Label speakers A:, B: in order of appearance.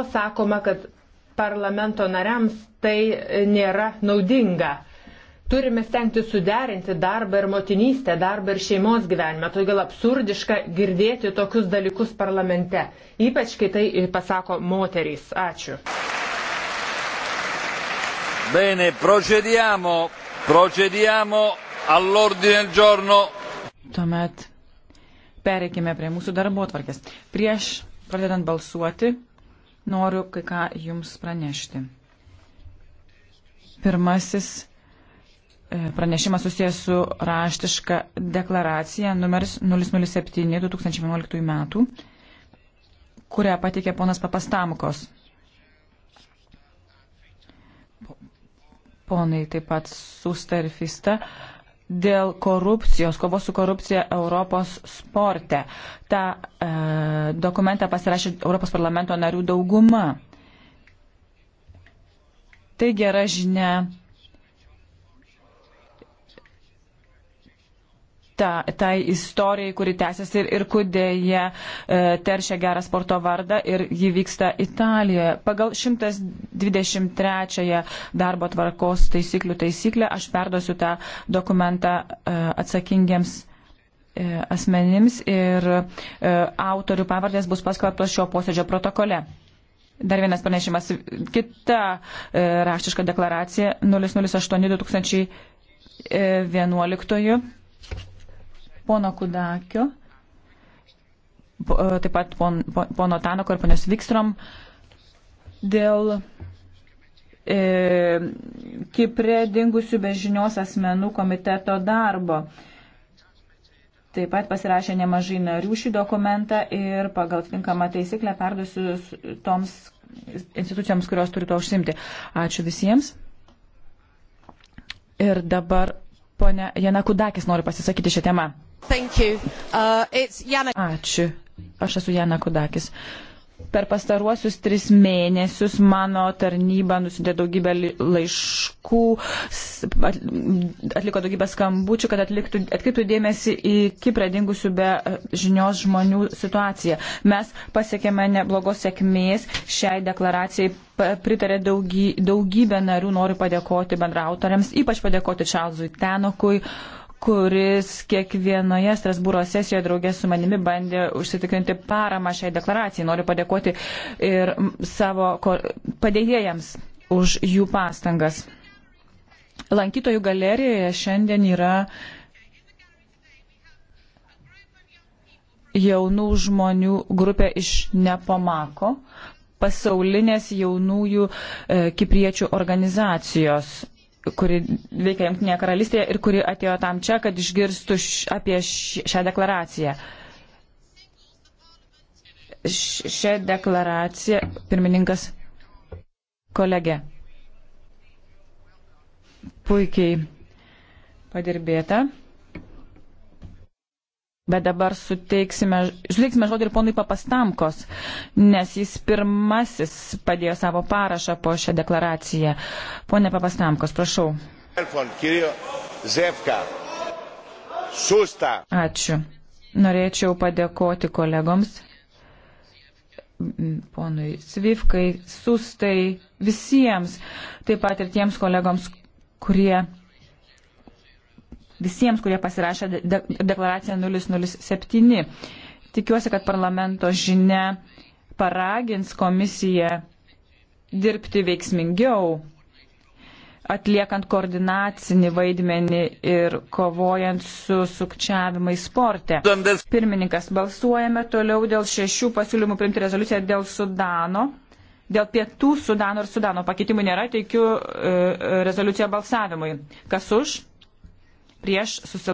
A: O sakoma, kad parlamento nariams tai nėra naudinga. Turime stengti suderinti darbą ir motinystę, darbą ir šeimos gyvenimą. Todėl absurdiška girdėti tokius dalykus parlamente. Ypač, kai tai pasako moterys. Ačiū. Bene, procediamo, procediamo all'ordine del giorno. Tuomet pereikime prie mūsų darbo atvarkės. Prieš pradedant balsuoti, noriu kai ką Jums pranešti. Pirmasis e, pranešimas susijęs su raštiška deklaracija numeris 007 2011 metų, kurią patikė ponas Papastamkos. Ponai taip pat Susta ir Fista dėl korupcijos, kovos su korupcija Europos sporte. Ta e, dokumentą pasirašė Europos parlamento narių dauguma. Tai gera žinia ta, tai istorijai, kuri tęsiasi ir, ir kudėje e, teršia gerą sporto vardą ir ji vyksta Italijoje. Pagal 123 darbo tvarkos taisyklių taisyklę aš perduosiu tą dokumentą e, atsakingiems e, asmenims ir e, autorių pavardės bus paskelbtos šio posėdžio protokole. Dar vienas pranešimas. Kita e, raštiška deklaracija 008 2011 pono Kudakio, e, taip pat pon, pono Tanako ir ponios Vikstrom dėl e, Kiprė dingusių bežinios asmenų komiteto darbo. Taip pat pasirašė nemažai narių šį dokumentą ir pagal tinkamą taisyklę perduosiu toms institucijoms, kurios turi to užsimti. Ačiū visiems. Ir dabar ponia Jana Kudakis nori pasisakyti šią temą. Uh, Ačiū. Aš esu Jana Kudakis. Per pastaruosius tris mėnesius mano tarnyba nusidė daugybę laiškų, atliko daugybę skambučių, kad atliktų, atkreiptų dėmesį į Kiprą dingusių be e, žinios žmonių situaciją. Mes pasiekėme neblogos sėkmės, šiai deklaracijai pritarė daugy, daugybė narių, noriu padėkoti bendrautoriams, ypač padėkoti Čarlzui Tenokui. Uh, kuris kiekvienoje Strasbūro sesijoje draugės su manimi bandė užsitikrinti paramą šiai deklaracijai. Noriu padėkoti ir savo padėjėjams už jų pastangas. Lankytojų galerijoje šiandien yra jaunų žmonių grupė iš Nepomako, pasaulinės jaunųjų e, kipriečių organizacijos kuri veikia Junktinėje karalystėje ir kuri atėjo tam čia, kad išgirstų š, apie š, šią deklaraciją. Š, šią deklaraciją pirmininkas kolegė. Puikiai padirbėta. Bet dabar suteiksime, žliksime žodį ir ponui Papastamkos, nes jis pirmasis padėjo savo parašą po šią deklaraciją. Pone Papastamkos, prašau. Ačiū. Norėčiau padėkoti kolegoms, ponui Svifkai, Sustai, visiems, taip pat ir tiems kolegoms, kurie visiems, kurie pasirašė de deklaraciją 007. Tikiuosi, kad parlamento žinia paragins komisiją dirbti veiksmingiau, atliekant koordinacinį vaidmenį ir kovojant su sukčiavimai sporte. Pirmininkas, balsuojame toliau dėl šešių pasiūlymų priimti rezoliuciją dėl Sudano. Dėl pietų Sudano ir Sudano pakeitimų nėra, teikiu e, e rezoliuciją balsavimui. Kas už? prieš susilaikė.